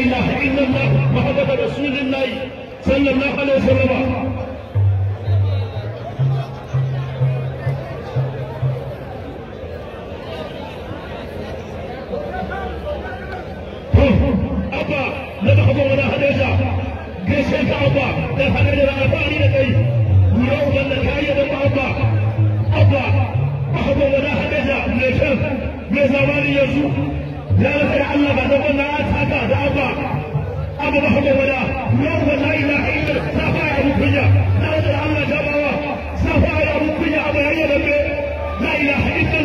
اله الا الله محمد رسول الله صلى الله عليه وسلم أبا لما خبرنا أبا لحنين الأبا لدي ويوم النكاية دم أبا أبا أخبرنا ولا ليشف لزمان يسوع لا لك يعلم أنه لا أتحدث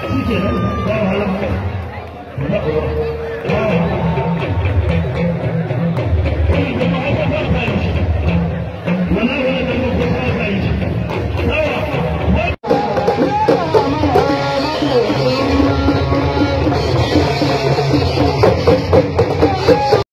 谢谢，拜拜了。